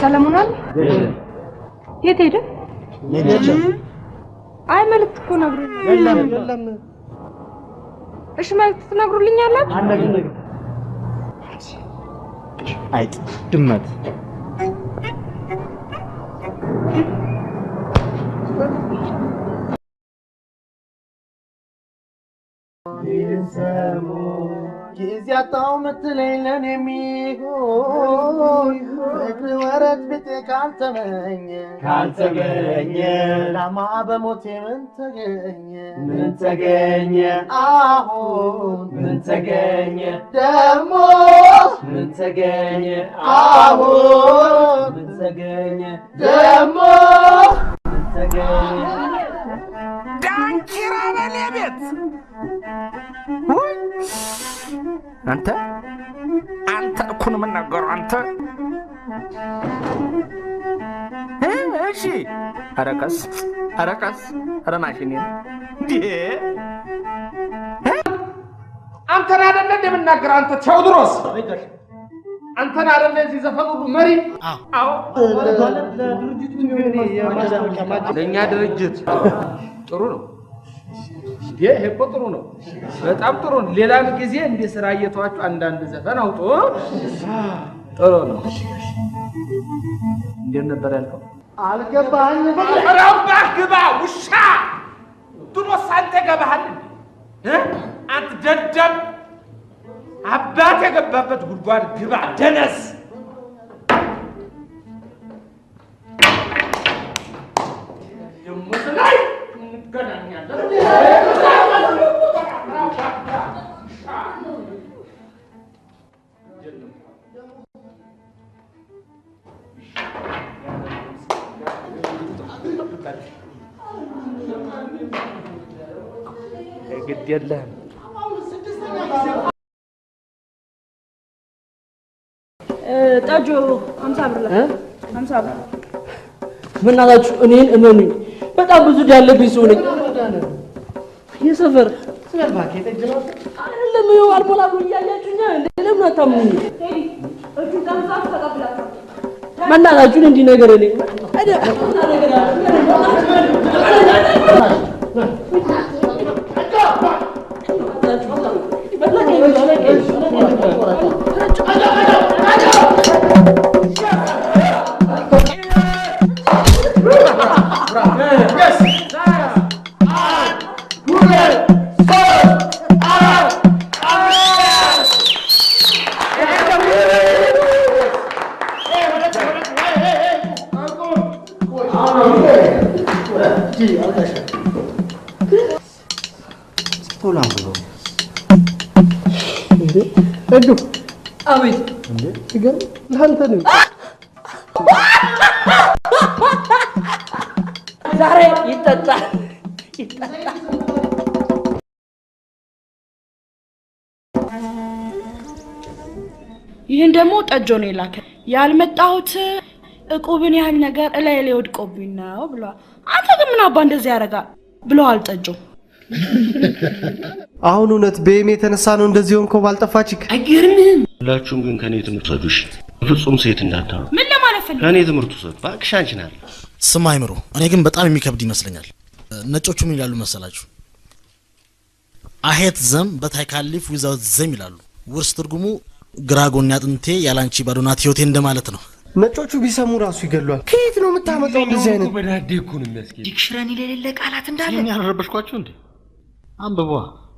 ሰለሞናል የት ሄደ? አይ መልዕክት እኮ ነግሮኛል። እሺ መልዕክት ትነግሩልኛላችሁ? አይጥ ድመት ጊዜ አጣሁ ምትለኝ ለኔ የሚሆን ካልተመኘ ካልተገኘ ላማ በሞቴ ምን ተገኘ ምን ተገኘ አሁን ምን ተገኘ ደግሞ ምን ተገኘ አሁን ምን ተገኘ ደግሞ ምን ተገኘ ዳንኪራ በኔ ቤት አንተ አንተ እኮ ነው የምናገረው አንተ እሺ። ኧረ ቀስ ኧረ ቀስ ኧረ ማሽኔ አንተን አይደለ እንደምናገር አንተ ቴዎድሮስ አንተን አይደለ እዚህ ዘፈኑ መሪ። አዎ ለእኛ ድርጅት ጥሩ ነው። ይሄ እኮ ጥሩ ነው፣ በጣም ጥሩ ነው። ሌላም ጊዜ እንደ ስራ እየተዋችሁ አንዳንድ ዘፈን አውጡ። ጥሩ ነው። እንዴት ነበር ያልከው? አልገባኝ። ረባህ ግባ ውሻ ድሮስ አንተ ገባሃል። አንተ ደደብ አባት የገባበት ጉድጓድ ግባ ደነስ ቆንጆ አምሳ ብር ላይ አምሳ ብር ምናላችሁ? እኔን እመኑኝ በጣም ብዙ ያለብኝ ሰው ነኝ። የሰፈር አይደለም አልሞላ ብሎ እያያችሁኛ ለምን አታምኑኝ? እንዲህ ነገር እኔ ነገር ለአንተ ነው። ዛሬ ይጠጣል ይጠጣል። ይህን ደግሞ ጠጆ ነው የላከ ያልመጣሁት እቁብን ያህል ነገር እላይ ላይ ወድቆብኝ ነው ብለዋል። አንተ ግን ምን አባ እንደዚህ ያደርጋል ብለዋል ጠጆ አሁን እውነት በም የተነሳ ነው እንደዚህ ሆንከው። ባልጠፋችክ አይገርምህም? ሁላችሁም ግን ከእኔ ትምህርት ውሰዱ ፍጹም ሴት እንዳታሩ። ምን ለማለት ፈልግ? ከእኔ ትምህርት ውሰዱ እባክሽ። አንቺ ናል ስም አይምሮ። እኔ ግን በጣም የሚከብድ ይመስለኛል። ነጮቹ ምን ይላሉ መሰላችሁ? አሄት ዘም በታይካሊፍ ዊዛውት ዘም ይላሉ። ውርስ ትርጉሙ ግራ ጎኔ አጥንቴ ያላንቺ ባዶ ናት ህይወቴ እንደማለት ነው። ነጮቹ ቢሰሙ ራሱ ይገሏል። ከየት ነው የምታመጣው እንደዚህ አይነት ዲክሽነሪ የሌለ ቃላት እንዳለ ያልረበሽኳቸው እንዴ? አንብቧ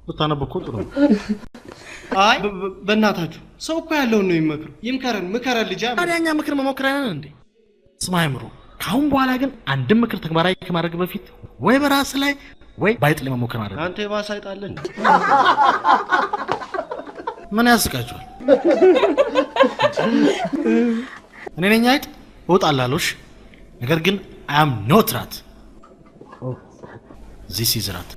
ብታነብ እኮ ጥሩ ነው። አይ በእናታችሁ ሰው እኮ ያለውን ነው የሚመክሩ። ይምከረን፣ ምከረን ልጅ። ታዲያ እኛ ምክር መሞክረንን እንዴ? ስማ አይምሮ፣ ከአሁን በኋላ ግን አንድም ምክር ተግባራዊ ከማድረግ በፊት ወይ በራስ ላይ ወይ ባይጥ ላይ መሞከር ማድረግ። አንተ የባሰ አይጣለን። ምን ያስቃችኋል? እኔ ነኝ አይጥ እወጣላለሽ። ነገር ግን አይ አም ኖት ራት ዚስ ኢዝ ራት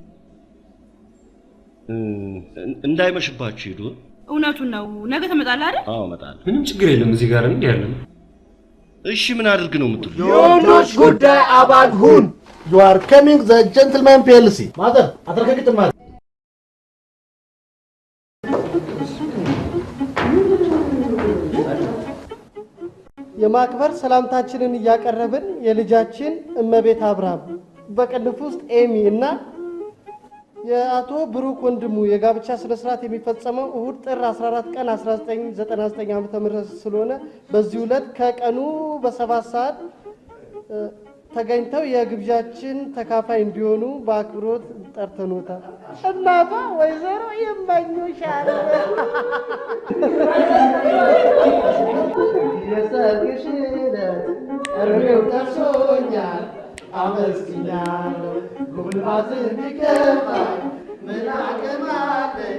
እንዳይመሽባችሁ ሂዱ። እውነቱን ነው። ነገ ትመጣለህ አይደል? አዎ እመጣለሁ። ምንም ችግር የለም። እዚህ ጋር እንዲህ ያለ እሺ ምን አድርግ ነው የምትሉ? የወንዶች ጉዳይ አባል ሁን። ዩ አር ከሚንግ ዘ ጀንትልማን ፒኤልሲ ማዘር አትረከክጥም ማለት የማክበር ሰላምታችንን እያቀረብን የልጃችን እመቤት አብርሃም በቅንፍ ውስጥ ኤሚ እና የአቶ ብሩክ ወንድሙ የጋብቻ ስነ ስርዓት የሚፈጸመው እሁድ ጥር 14 ቀን 1999 ዓ ም ስለሆነ በዚህ ዕለት ከቀኑ በሰባት ሰዓት ተገኝተው የግብዣችን ተካፋይ እንዲሆኑ በአክብሮት ጠርተኖታል። እናቷ ወይዘሮ ይመኙሻል። የሰርግሽ ዕለት እሪው ደርሶኛል አመስግናለሁ ጉልባት ቢገባኝ ምን አቅማለኝ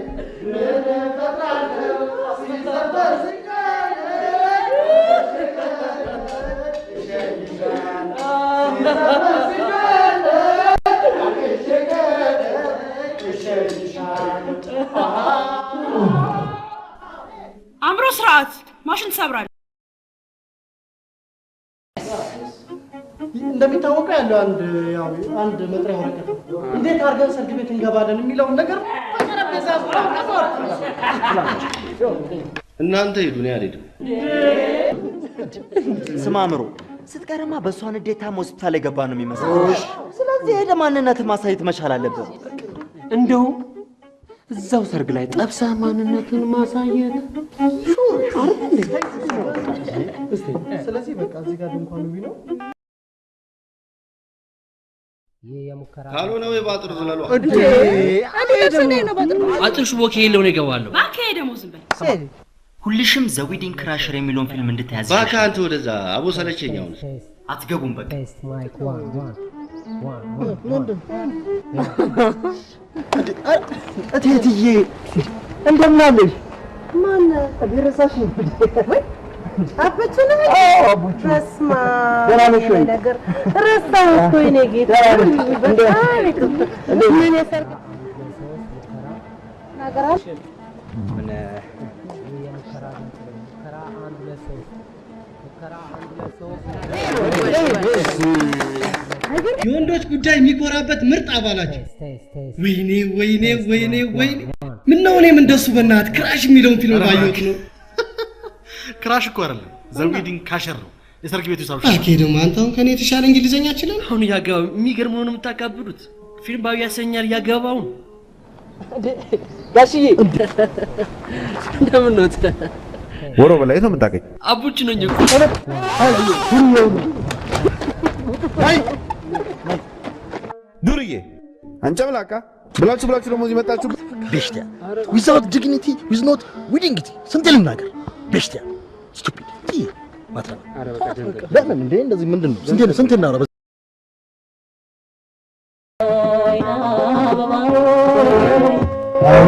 ምን ፈጥራለሁ ሲሰበር ስኛለ አምሮ ስርዓት ማሽን ትሰብራል እንደሚታወቀው ያለው አንድ ያው አንድ መጥሪያ ወረቀት እንዴት አድርገን ሰርግ ቤት እንገባለን የሚለውን ነገር እናንተ ሂዱ፣ እኔ አልሄድም። ስማ አምሮ፣ ስትቀርማ በእሷ ንዴት ታሞ ሆስፒታል የገባ ነው የሚመስለው። ስለዚህ ሄደህ ማንነትህ ማሳየት መቻል አለበት። እንደውም እዛው ሰርግ ላይ ጠብሳ ማንነትን ማሳየት ስለዚህ በቃ እዚህ ጋር ድንኳኑ ቢኖር ካልሆነ ወይ በአጥር ዝለሉ። አጥር ሽቦ ከሌለው ነው ይገባለሁ። ሁልሽም ዘ ክራሸር የሚለውን ፊልም እንድትያዝ እባክህ። አንተ ወደዛ አቦ ሰለቸኝ። አትገቡም። በቃ እቴትዬ እንደምን አለሽ? ማን ብሔረሰብ የወንዶች ጉዳይ የሚኮራበት ምርጥ አባላቸው። ወይኔ ወይኔ ወይኔ ወይኔ! ምነው እኔም እንደሱ በእናትህ ክራሽ የሚለውን ፊልም ባየሁት ነው። ክራሽ እኮ አይደለም ዘውዲን ካሸር ነው የሰርግ ቤቱ ሳብ አልኬድም። አንተ አሁን ከኔ የተሻለ እንግሊዘኛ ችለን አሁን እያገባው የሚገርም ነው የምታካብዱት። ፊልም ባዊ ያሰኛል እያገባውን ጋሽዬ እንደምን ኖት? ወሮ በላይ ነው የምታውቀኝ አቡች ነኝ እኮ ዱርዬ አንቺ አምላካ ብላችሁ ብላችሁ ደግሞ እዚህ መጣችሁ። ቤሽቲያ ዊዛውት ዲግኒቲ ዊዝ ኖት ዊዲንግቲ ስንት ልናገር ቤሽቲያ ስቱፒድ ማትረባ ለምን እንደዚህ ምንድን ነው? ስንቴ ነው ስንቴ እናውራ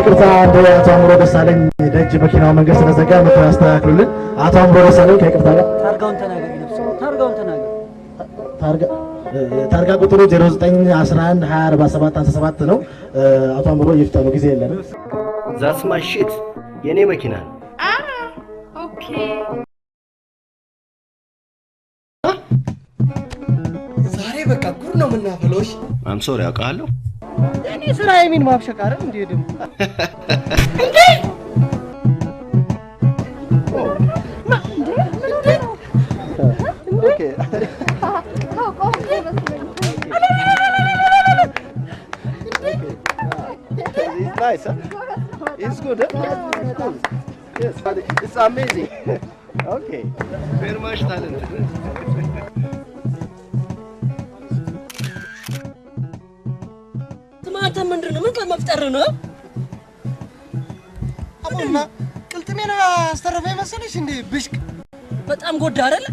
ቅርታ እንደ አቶ አምሮ ደሳለኝ ደጅ መኪናው መንገድ ስለዘጋ መኪና አስተካክሉልን። አቶ አምሮ ደሳለኝ ከቅርታ ጋር ታርጋውን ተናገር፣ ታርጋውን ተናገር። ታርጋ ታርጋ ቁጥሩ 09112047 ነው። አቶ አምሮ ይፍታ ጊዜ የለንም። ዛስ ማሽት የኔ መኪና ነው። ኦኬ ah, ማብሸቅሽ አምሶሪ ያውቃለሁ። እኔ ስራ የሚን ማብሸቅ አይደል እንዴ? ደግሞ እንዴ nice, huh? It's okay. Very much አንተ ምንድን ነው? ምን መፍጠር ነው? አቡና ቅልጥሜን አስተረፈ መሰለሽ እንዴ? ብሽቅ በጣም ጎዳ አይደል?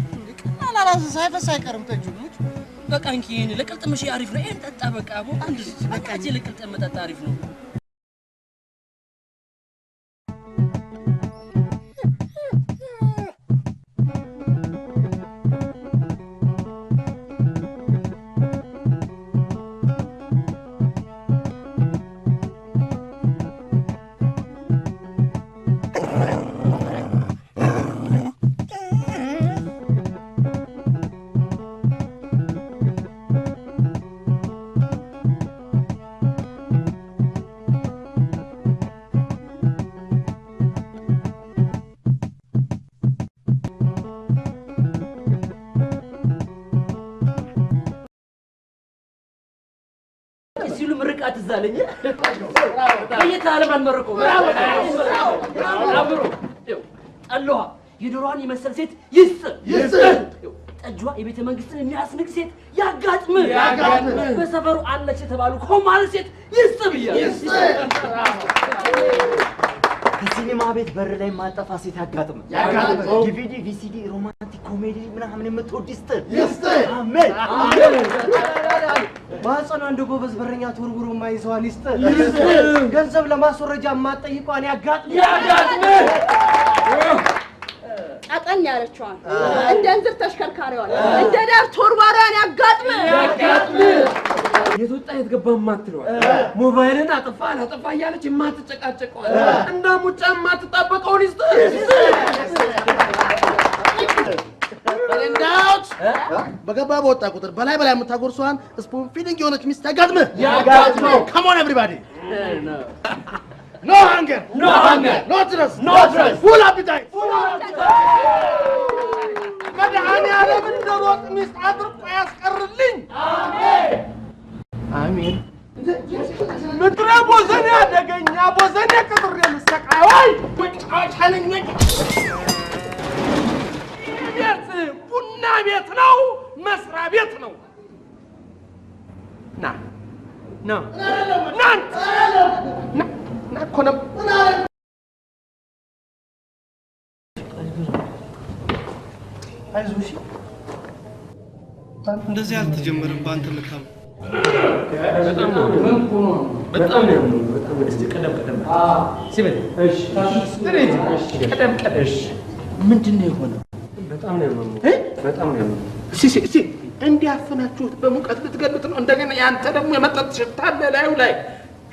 አላላዝ ሳይፈስ አይቀርም ተጁ በቃ እንኪ ይሄን ለቅልጥምሽ አሪፍ ነው። ይሄን ጠጣ በቃ አቡ አንድ በቃ እጄ ለቅልጥም መጠጣ አሪፍ ነው። ለየት ላለ መመረቁ አብሮ ጠላዋ የመሰል ሴት ይስጥ ይስጥ። የቤተ መንግስትን የሚያስንቅ ሴት ያጋጥም ያጋጥም። በሰፈሩ አለች የተባሉ ኮማል ሴት ይስጥ ብያ ከሲኒማ ቤት በር ላይ ማጠፋ ሴት ያጋጥም። ዲቪዲ፣ ቪሲዲ፣ ሮማንቲክ ኮሜዲ ምናምን የምትወድ ይስጥህ ይስጥህ። አሜን አሜን። ማህፀኗ እንደ ጎበዝ በረኛ ተወርውሮ ማይዘዋን ይስጥህ ይስጥህ። ገንዘብ ለማስወረጃ የማትጠይቋን ያጋጥም ያጋጥም። ቀጠን ያለችዋን እንደ እንዝር ተሽከርካሪዋን እንደ ዳር ተወርዋሪዋን ያጋጥም ያጋጥም። የት ወጣ የት ገባ የማትለዋል ሞባይልን አጥፋ እያለች የማትጨቃጨቀዋል እንደ ሙጫ የማትጣበቀውን ይስጥ በገባ በወጣ ቁጥር በላይ በላይ የምታጎርሰዋን ስፖን ፊሊንግ የሆነች ሚስት ያጋጥምህ ከሞን ኤቭሪባዲ ኖ ሃንገር ኖ ሃንገር ኖ ትረስ ኖ ትረስ ፉል አፒታይት እንደ ሮጥ ሚስት አድርቆ ያስቀርልኝ አሜን አሜን። ምድረ ቦዘኔ አደገኛ ቦዘኔ ቅጥር የምሰቃዋይ መጫወቻ ነኝ። ቤት ቡና ቤት ነው፣ መስሪያ ቤት ነው። ና ና ና ና እኮ ነው አይዞሽ፣ እንደዚህ አልተጀመረም በአንተ ምክንያት ምንድን ነው በሙቀት ልትገሉት ነው። እንደገና የአንተ ደግሞ የመጠጥ ሽታ አለ ላዩ ላይ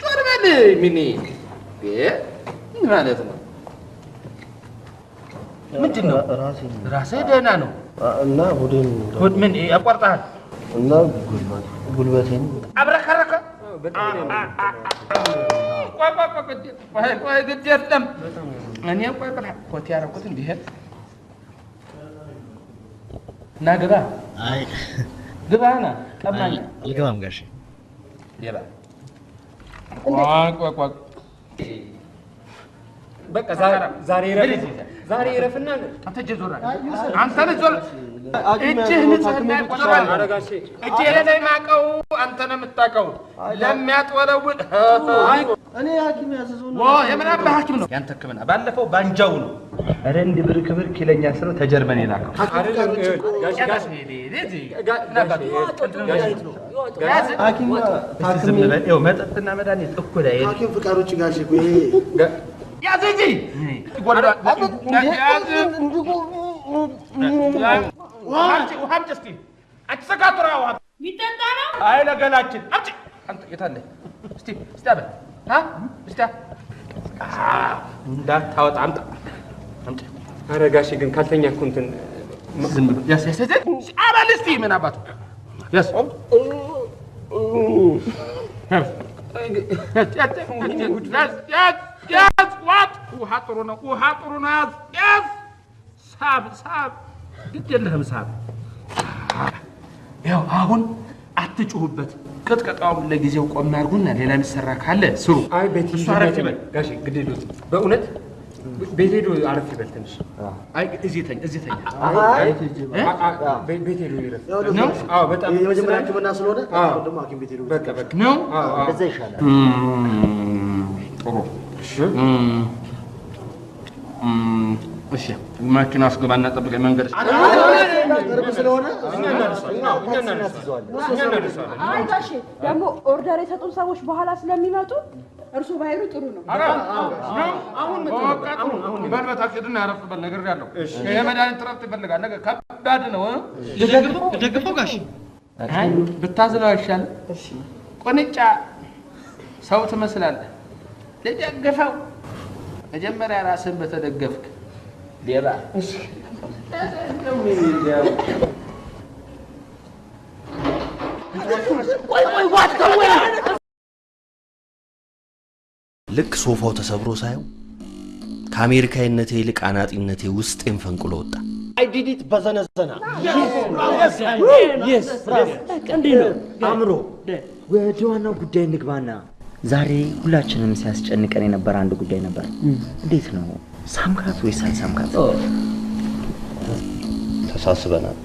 ዞር በል። ምን ማለት ነው? ምንድን ነው? ራሴ ደህና ነው እና ቡድን ምን ያቋርጠሃል? لا بقول قلبتين أبرك حركة وبابا قد وهي وهي قد يردم أنا يبقى يبقى قوت يا رب قوت بيها نا قبا أي قبا أنا قبا أنا القبا مقاشي يبا واك واك واك بقى زاري ربي ዛሬ ይረፍና አንተ እጅ ዞር አንተ ዞር እጅህ ንጽህና ይቆጠራል። እጅ የሌለ የማቀው አንተ ነው የምታቀው። ለሚያጥወለውል እኔ ሀኪም ያዘዘው ነው። የምናባ ሀኪም ነው ያንተ ሕክምና ባለፈው ባንጃው ነው። ኧረ እንዲህ ብርክ ብርክ ስለው ተጀርመን የላከው ሐኪም መጠጥና መድኃኒት እኩል ያዝ እንጂ የሚጠጣ ነው። አይ ለገላችን አምጪ። የት አለ? እስኪ እስኪ አበል እስኪ እንዳታወጣ አምጣ። ኧረ ጋሼ ግን ካልተኛ እኮ እንትን አበል እስኪ ምን አባቱ ያዝ ጤፍ ዋጥ ውሃ ጥሩ ነው። ውሃ ጥሩ ያዝ ጤፍ ሳብ ሳብ ግድ የለህም ሳብ። ያው አሁን አትጩሁበት። ቅጥቀጣውም ለጊዜው ቆም አድርጉና ሌላ የሚሰራ ካለ ስሩ። አይ ቤት እሱ አረፍ ግድ የለውም በእውነት ቤት ሄዶ አረፍ ይበል ትንሽ። አይ እዚህ ተኝ፣ እዚህ ተኝ። ቤት ሄዶ ይረፍ ነው። አዎ በጣም የመጀመሪያ ሕክምና ስለሆነ ደግሞ ሐኪም ቤት ሄዶ በቃ በቃ ነው። እንደዛ ይሻላል። ጥሩ እሺ መኪና አስገባና ጠብቀኝ። መንገድ ደግሞ ኦርደር የሰጡን ሰዎች በኋላ ስለሚመጡ እርሱ ባይሉ ጥሩ ነው። ነገር ያለው የመድኃኒት ይፈልጋል። ከባድ ነው። ልደግፈው ጋሽ ብታዝለው አይሻልም? ቁንጫ ሰው ትመስላለህ ልደግፈው። መጀመሪያ ራስን በተደገፍክ ሌባ ልክ ሶፋው ተሰብሮ ሳየው ከአሜሪካዊነቴ ይልቅ አናጢነቴ ውስጤን ፈንቅሎ ወጣ። አይዲዲት በዘነዘና እንዲህ ነው አእምሮ። ወደ ዋናው ጉዳይ እንግባና ዛሬ ሁላችንም ሲያስጨንቀን የነበረ አንድ ጉዳይ ነበር። እንዴት ነው ሳምካት ወይስ አልሳምካት? ተሳስበናል፣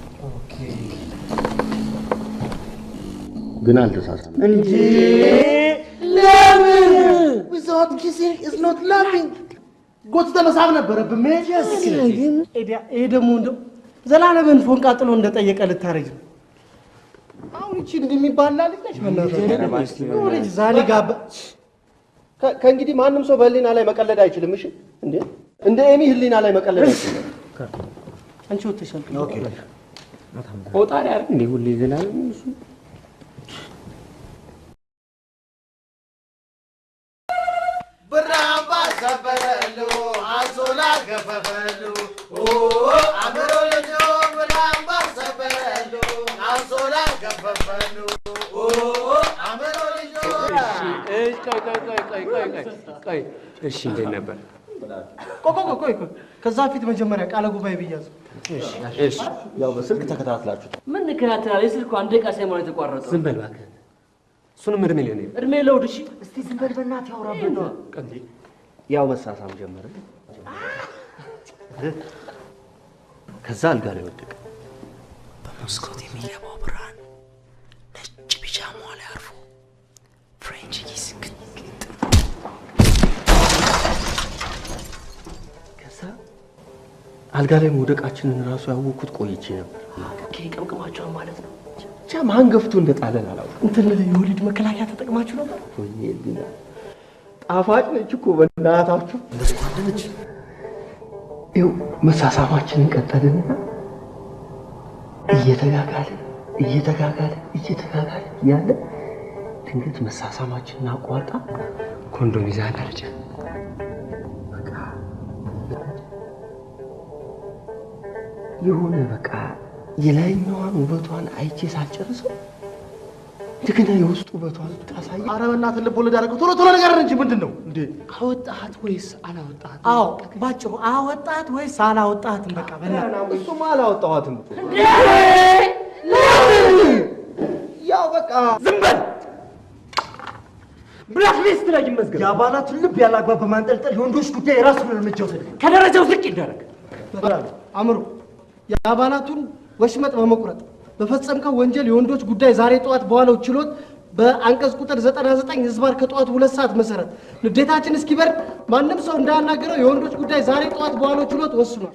ግን አልተሳሰብንም እንጂ ለምን ዊዛውት ኪሲንግ ኢዝ ኖት ላቪንግ ጎትተ መሳብ ነበረብን። ይሄ ደግሞ እንደው ዘላለምን ፎንቃ ጥሎ እንደጠየቀ ልታረጅ ነው አሁን እቺ ይቺ እንደሚባላ ልጅ ነች። በእናትህ ዛሬ ጋር ከእንግዲህ ማንም ሰው በህሊና ላይ መቀለድ አይችልም። እሺ እንዴ እንደ ኤሚ ህሊና ላይ መቀለድ አይችልም። አንቺ ወጥተሻል። ኦኬ ኦጣሪ አይደል እንዴ ሁሌ ዘላለም እሱ እሺ እንዴት ነበር? ከዛ ፊት መጀመሪያ ቃለ ጉባኤ ብያዙ። እሺ ያው በስልክ ተከታትላችሁ ምን እንከታተላለን? የስልኩ አንድ ደቂቃ ሳይሞላ የተቋረጠ። ዝም በል እባክህ፣ እሱንም እድሜ ሊሆን እድሜ ለውድ። እሺ እስቲ ዝም በል በእናትህ፣ ያውራብን። ያው መሳሳም ጀመረ። ከዛ አልጋ ላይ ወደቀ። በመስኮት የሚገባው ብርሃን ጃሟ ላይ አርፎ ፍሬንች ኪስ ከዛ አልጋ ላይ መውደቃችንን እራሱ ያወቅኩት ቆይቼ ነበር። ቀምቅማቸውን ማለት ነው። ብቻ ማን ገፍቶ እንደጣለን አላውቅም። እንትን የወሊድ መከላከያ ተጠቅማችሁ ነበር? ጣፋጭ ነች እኮ በእናታችሁ። ይኸው መሳሳማችንን ቀጠልንና እየተጋጋልን እየተጋጋለ እየተጋጋለ ያለ ድንገት መሳሳማችን አቋርጣ ኮንዶም ይዛ አለች። የሆነ በቃ የላይኛዋን ውበቷን አይቼ ሳልጨርሰው እንደገና የውስጡ ውበቷን ታሳየ። ኧረ በእናትህ ልብ ወለድ አደረገው። ቶሎ ቶሎ ነገር እንጂ ምንድን ነው እንዴ? አወጣት ወይስ አላወጣት? አዎ፣ ባጭሩ አወጣት ወይስ አላወጣትም? በቃ በእናትህ እሱማ አላወጣኋትም። ያው በቃ ዝም በል። ብላክ ሊስት ላይ ይመዝገብ። የአባላቱን ልብ ያላግባብ በማንጠልጠል የወንዶች ጉዳይ የራሱን እርምጃ ወሰደ። ከደረጃው ዝቅ ይደረግ። አእምሮ የአባላቱን ወሽመጥ በመቁረጥ በፈጸምከው ወንጀል የወንዶች ጉዳይ ዛሬ ጠዋት በዋለው ችሎት በአንቀጽ ቁጥር 99 ህዝባር ከጠዋት ሁለት ሰዓት መሰረት ንዴታችን እስኪበርድ ማንም ሰው እንዳያናገረው የወንዶች ጉዳይ ዛሬ ጠዋት በዋለው ችሎት ወስኗል።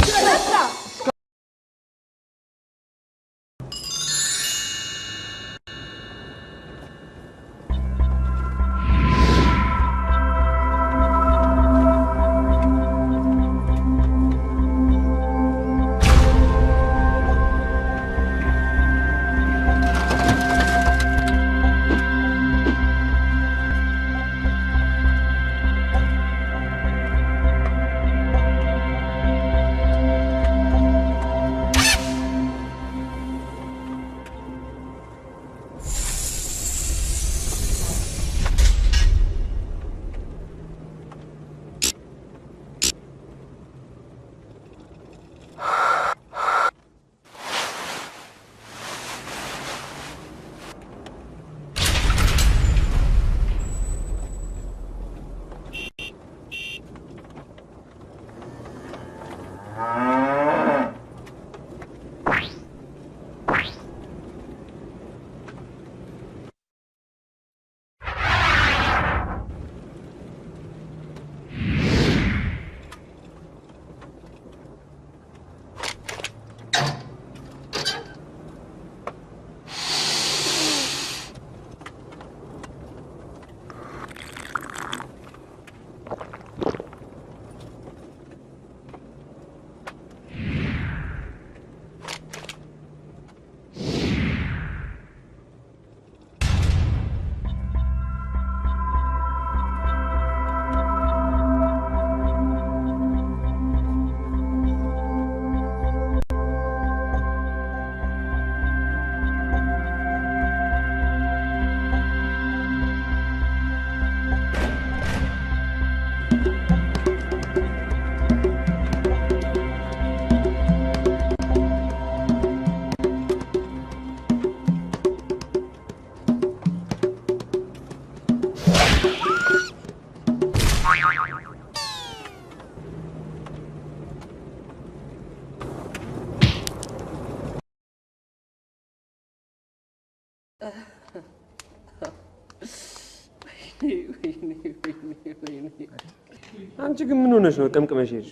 አንቺ ግን ምን ሆነሽ ነው ጥምቅ መሸሽ?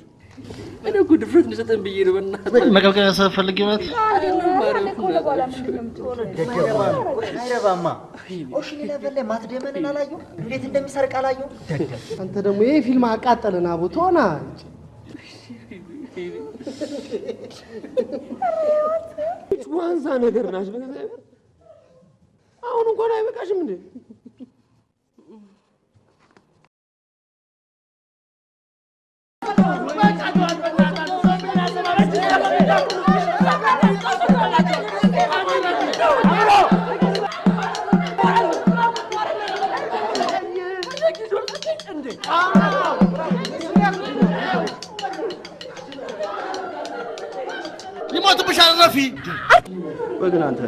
እኔ እኮ ድፍረት እንድሰጠን ብዬ ነው። በእናትህ መቀልቀያ እንዴት እንደሚሰርቅ አንተ ደግሞ ይህ ፊልም አቃጠለን አቦ ዋንዛ ነገር ናች። አሁን እንኳን አይበቃሽም እንዴ? ይሞትብሻል። ረፊ ወይ ግን አንተ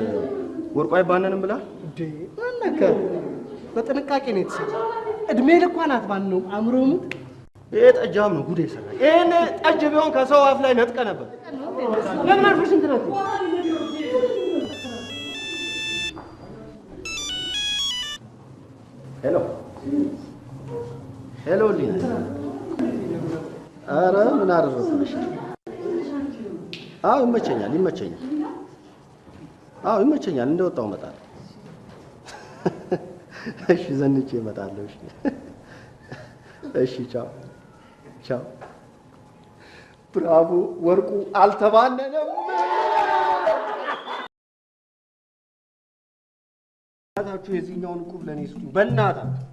ወርቋ አይባነንም ብላ እንዴ በጥንቃቄ ነው የተሰራ። እድሜ ልኳ ናት። ማን ነው አእምሮ ሙት ይሄ ጠጃም ነው ጉድ የሰራ። ይህን ጠጅ ቢሆን ከሰው አፍ ላይ ነጥቀ ነበር። ለምን አልፈሽ እንትን አትይም? ሄሎ ሄሎ፣ ሊና፣ ኧረ ምን አደረሰሽ? አዎ ይመቸኛል፣ ይመቸኛል። አዎ ይመቸኛል። እንደወጣው እመጣለሁ። እሺ፣ ዘንቼ እመጣለሁ። እሺ፣ እሺ፣ ቻው ቻው። ብራቮ ወርቁ አልተባነነም። እናታችሁ የዚህኛውን ቁብ ለእኔ ስጡኝ በእናታችሁ።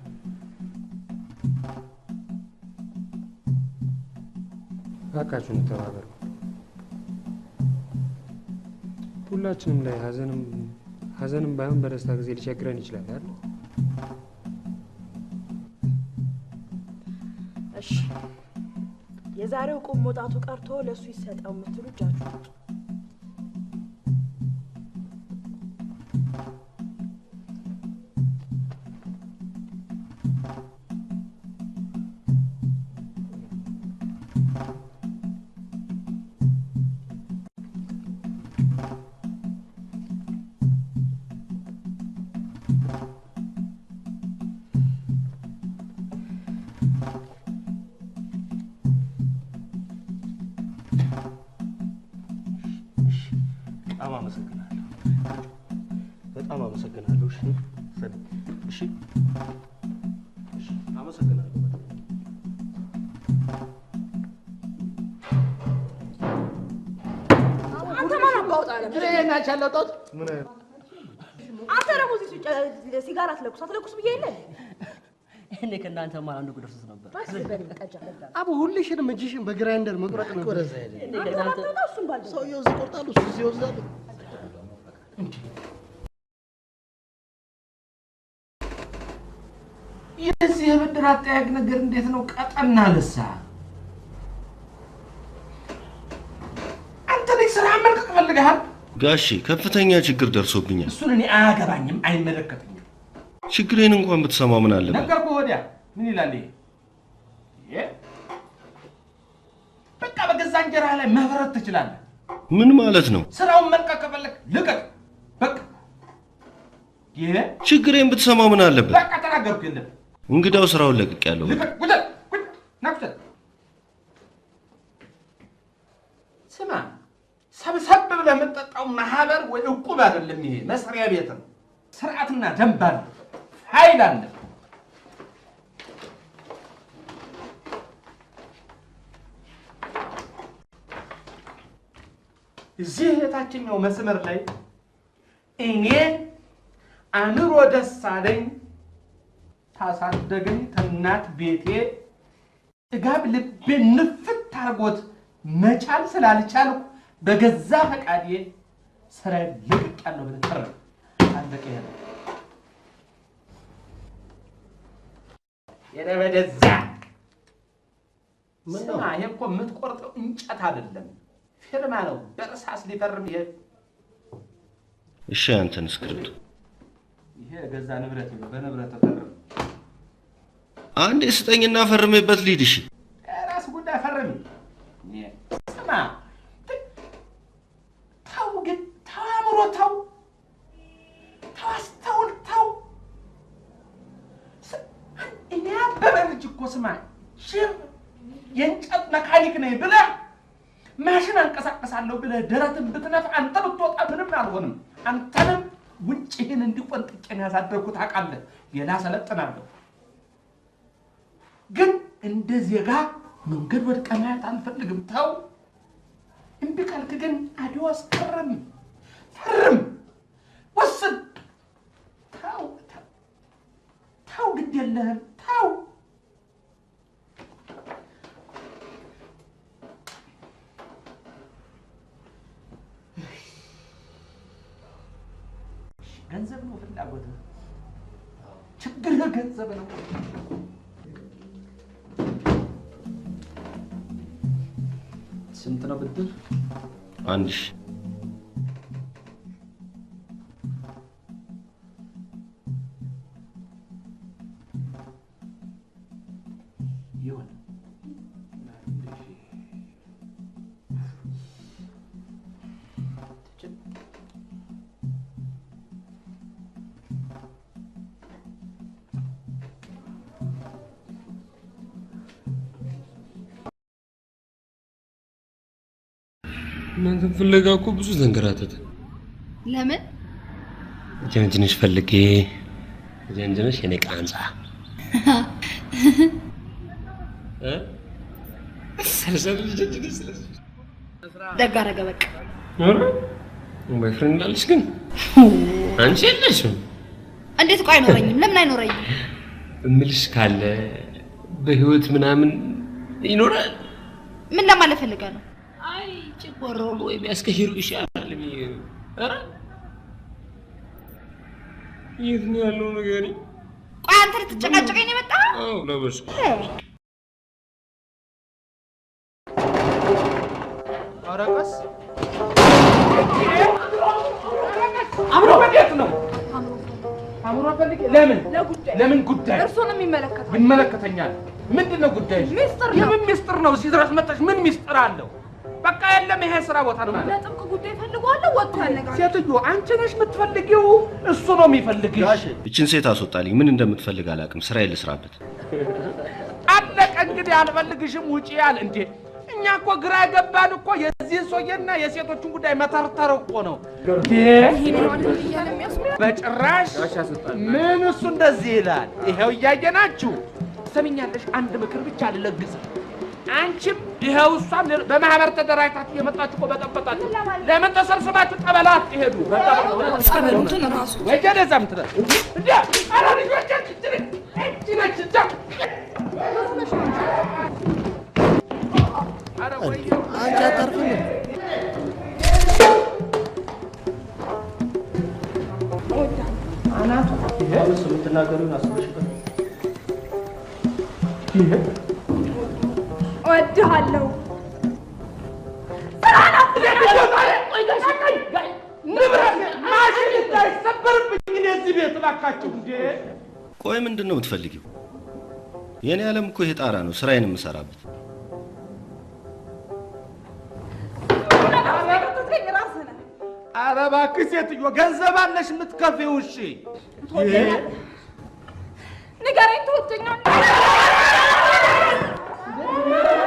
እባካችሁን ተባበሩ። ሁላችንም ላይ ሀዘንም ሀዘንም ባይሆን በደስታ ጊዜ ሊቸግረን ይችላል አይደል? የዛሬው ቁም መውጣቱ ቀርቶ ለእሱ ይሰጠው የምትሉ እጃችሁ ሲጋራ አትለቁስ አትለቁስ ብዬ የለ እኔ ሁልሽንም እጅሽን በግራይንደር መቁረጥ ነው። ሰውዬው እዚህ ይቆርጣሉ፣ እዚህ የዚህ የብድር አጠያቅ ነገር እንዴት ነው? ቀጠና ልሳ አንተ ልጅ ስራ መልቀቅ ፈልገሃል? ጋሺ ከፍተኛ ችግር ደርሶብኛል። እሱን እኔ አያገባኝም፣ አይመለከተኝም። ችግሬን እንኳን ብትሰማው ምን አለበት? ነገርኩህ። ወዲያ ምን ይላል ይሄ? በቃ በገዛ እንጀራ ላይ መብረት ትችላለህ። ምን ማለት ነው? ስራውን መልቀቅ ከፈለግ ልቀቅ። በቃ ችግሬን ብትሰማው ምን አለበት? በቃ ተናገርኩ። የለም እንግዳው ስራውን ለቅቅ ያለው ልቀቅ አይደለም። ይሄ መስሪያ ቤት ነው። ስርዓትና ደንብ አለ፣ ኃይል አለ። እዚህ የታችኛው መስመር ላይ እኔ አእምሮ ደሳለኝ ታሳደገኝ ከእናት ቤቴ ጥጋብ ልቤ ንፍት አርጎት መቻል ስላልቻልኩ በገዛ ፈቃዴ ስራ ልቅ ያለው ብትር አለቀ። ይሄ ነው የለበደዛ ምን ነው ይሄ እኮ የምትቆርጠው እንጨት አይደለም፣ ፊርማ ነው በእርሳስ ሊፈርም ይሄ። እሺ አንተን ስክሪፕቱ ይሄ ገዛ ንብረት ነው፣ በንብረት ተፈርም። አንዴ ስጠኝና ፈርሜበት እሺ ራስ ጉዳይ ፈርም። ስማ አስተውሎተው ተዋስተውልተው እኔ አበበ ልጅ እኮ ስማ ሽም የእንጨት መካኒክ ነኝ ብለህ ማሽን አንቀሳቀሳለሁ ብለህ ደረትን ብትነፍ አንተ ብትወጣ ምንም አልሆንም። አንተንም ውጭ እንዲቆን ጥቄን ያሳደርኩት ታውቃለህ። ሌላ ሰለጥናለሁ ግን እንደ ዜጋ መንገድ ወድቀህ ማየት አንፈልግም። ተው። እምቢ ካልክ ግን አድዋ አስቀረም። ፈርም፣ ወስን። ተው ተው፣ ግድ የለህም ተው። ገንዘብ ነው ፍላጎት፣ ችግር ገንዘብ ነው። ስንት ነው ብድር? አንድ ሺህ ፍለጋ እኮ ብዙ ተንከራተተ። ለምን ጀንጅነሽ ፈልጌ ጀንጅነሽ የኔ ቃንጻ ደግ አደረገ። በቃ ቦይፍሬንድ ግን አንቺ የለሽም። እንዴት እኮ አይኖረኝም? ለምን አይኖረኝም? እምልሽ ካለ በህይወት ምናምን ይኖራል። ምን ለማለት ነው? አይ አንቺ ቆረውን ወይም ያስቀይሩ ይሻላል ብዬ ነው። የት ነው ያለው ነገር? ቆይ አንተ ልትጨቃጨቀኝ ነው የመጣኸው? አዎ ለበስ አምሮ ነው አምሮ ፈልጌ ለምን ለምን ጉዳይ ይመለከተኛል። ምንድን ነው ጉዳይ? ሚስጥር ነው። የምን ሚስጥር ነው? እዚህ ድረስ መጣሽ። ምን ሚስጥር አለው? በቃ የለም፣ ይሄ ስራ ቦታ ነው ማለት ለጥብቅ ጉዳይ ፈልጓለሁ። ወጥቶ ያነጋገር ሴትዮ፣ አንቺ ነሽ የምትፈልጊው፣ እሱ ነው የሚፈልግሽ። እችን ሴት አስወጣልኝ። ምን እንደምትፈልግ አላውቅም። ስራ ልስራበት። አለቀ እንግዲህ። አልፈልግሽም፣ ውጪ ያል እንዴ። እኛ እኮ ግራ የገባን እኮ የዚህ ሰውዬና የሴቶቹን ጉዳይ መተርተር እኮ ነው። በጭራሽ ምን እሱ እንደዚህ ይላል። ይኸው እያየናችሁ። ሰሚኛለሽ? አንድ ምክር ብቻ ልለግስ አንቺም ይኸው እሷም በማህበር ተደራጅታችሁ የመጣችሁ እኮ በጠበጣችሁ ለምን ተሰብስባችሁ ጠበላ አትሄዱ? አናቱ የምትናገሩ እወድሃለሁ። ማሽን እንዳይሰበርብኝ ቤት ቆይ ምንድን ነው የምትፈልጊው? የእኔ ዓለም እኮ ይሄ ጣራ ነው ስራዬን የምሰራበት። ኧረ እባክህ ሴትዮ ገንዘብ አለሽ የምትከፊው? እሺ ንገረኝ፣ ትወደኛለህ? Yeah.